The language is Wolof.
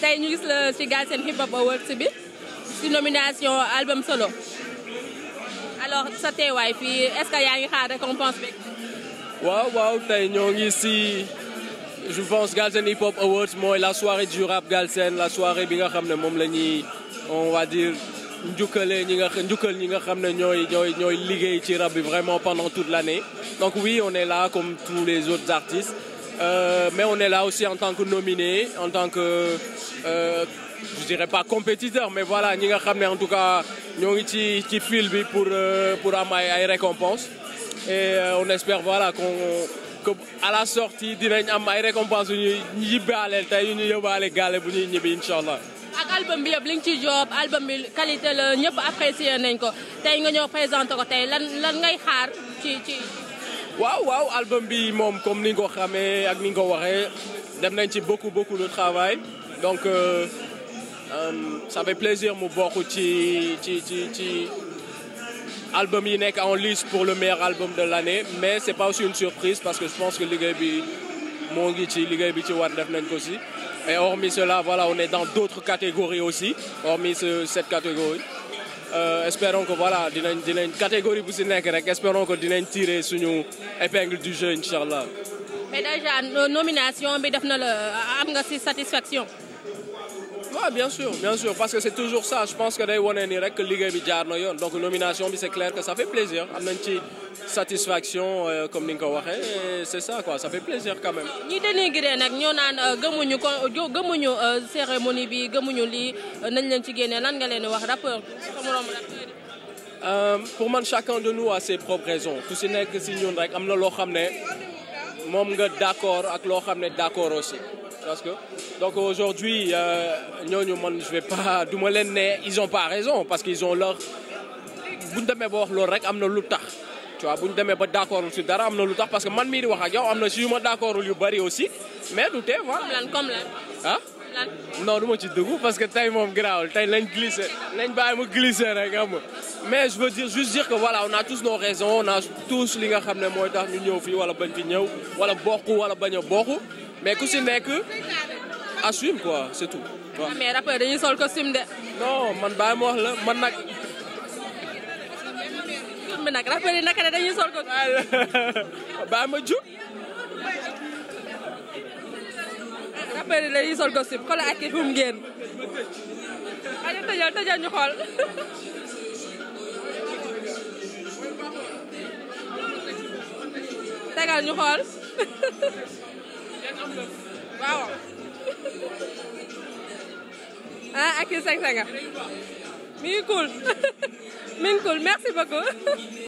tey ñu gis la ci Galsen Hip Hop Awards bi ci nomination album solo alors sa teewaay fii est que yaa ngi xaar récompense bi. waaw waaw tey ñoo ngi si je pense Galsen Hip mooy la soirée du rap Galsen la soirée bi nga xam ne moom la ñuy on va dire njukkale ñi nga njukkal ñi nga xam ne ñooy ñooy ñooy liggéey ci rab bi vraiment pendant toute l'année donc oui on est là comme tous les autres artistes. Euh, mais on est là aussi en tant que nominé, en tant que, euh, je dirais pas compétiteur, mais voilà, nous avons en tout cas, nous ci fil pour, euh, pour avoir ay récompenses. Et euh, on espère voilà, qu'on à la sortie, dinañ am ay récompenses yu ñuy yibbaaleel tey yu ñu yóbbaale gaale bu ñuy ñibbi incha allah. ak album bi yëpp ci job album qualité la ñëpp apprécier nañ ko tey nga ñëw présenté ko tey lan ngay xaar ci. waaw waaw album bi moom comme ni nga ko xamee ak ni nga ko waxee dem nañ ci beaucoup beaucoup de travail donc euh, euh, fait plaisir mu bokk ci ci ci ci album yi nekk en lice pour le meilleur album de l'année mais c'est pas aussi une surprise parce que je pense que liggéey bi moo ngi ci liggéey bi ci war def nañ ko si et hormis cela voilà on est dans d'autres catégories aussi hormis ce, cette catégorie Euh, espérons que voilà dinañ dinañ catégorie bu si nekk rek espérons que dinañ tirer suñu épingle du jeu incha mais déjà nomination bi def na la am nga si satisfaction. waaw bien sûr bien parce que c'est toujours ça je pense que day ni rek liggéey bi jaar na yoon donc nomination bi c'est clair que ça fait plaisir am nañ ci satisfaction euh, comme ni nga ko waxee c'est ça quoi ça fait plaisir quand même. ñi dénigré nag ñoo naan euh, gëmuñu ko gëmuñu euh, cérémonie bi gëmuñu lii nañ leen ci génne lan nga leen wax rappeur pour man chacun de nous a ses propres raisons ku si nekk si ñun rek am na loo xam ne moom nga d'accord ak loo xam ne d aussi. Parce que, donc aujourd'hui, euh, ñooñu man je vais pas du ma leen ne ils ont pas raison parce qu'ils ont leur bu ñu demee ba wax lool rek am na lu tax. tu bu ñu ba d' accordul si dara am na lu tax parce que man mii di wax ak yow am na si yu ma d' accordul yu bëri aussi mais du tee voilà. comme du ma ci dugg parce que tey moom garaawul tey lañ glissé lañ bàyyi mu glissé rek xam nga mais je veux dire juste dire que voilà on a tous nos raisons on a tous li nga xam ne mooy tax ñu ñëw fii wala bañ fi ñëw wala bokk wala mais ku si nekk assume quoi c'est tout. waaw ah, mais rappeur dañuy sol costume de. non man bàyyi ma wax la man nag. tur bi nag rappeur yi naka ma jub. rappeur yi dañuy sol costume xoolal ak it fu génn. aywa tëjal tëjal ñu xool. tegal ñu xool. waaw ah ak i seng senga mi ngi cool mi ngi cool merci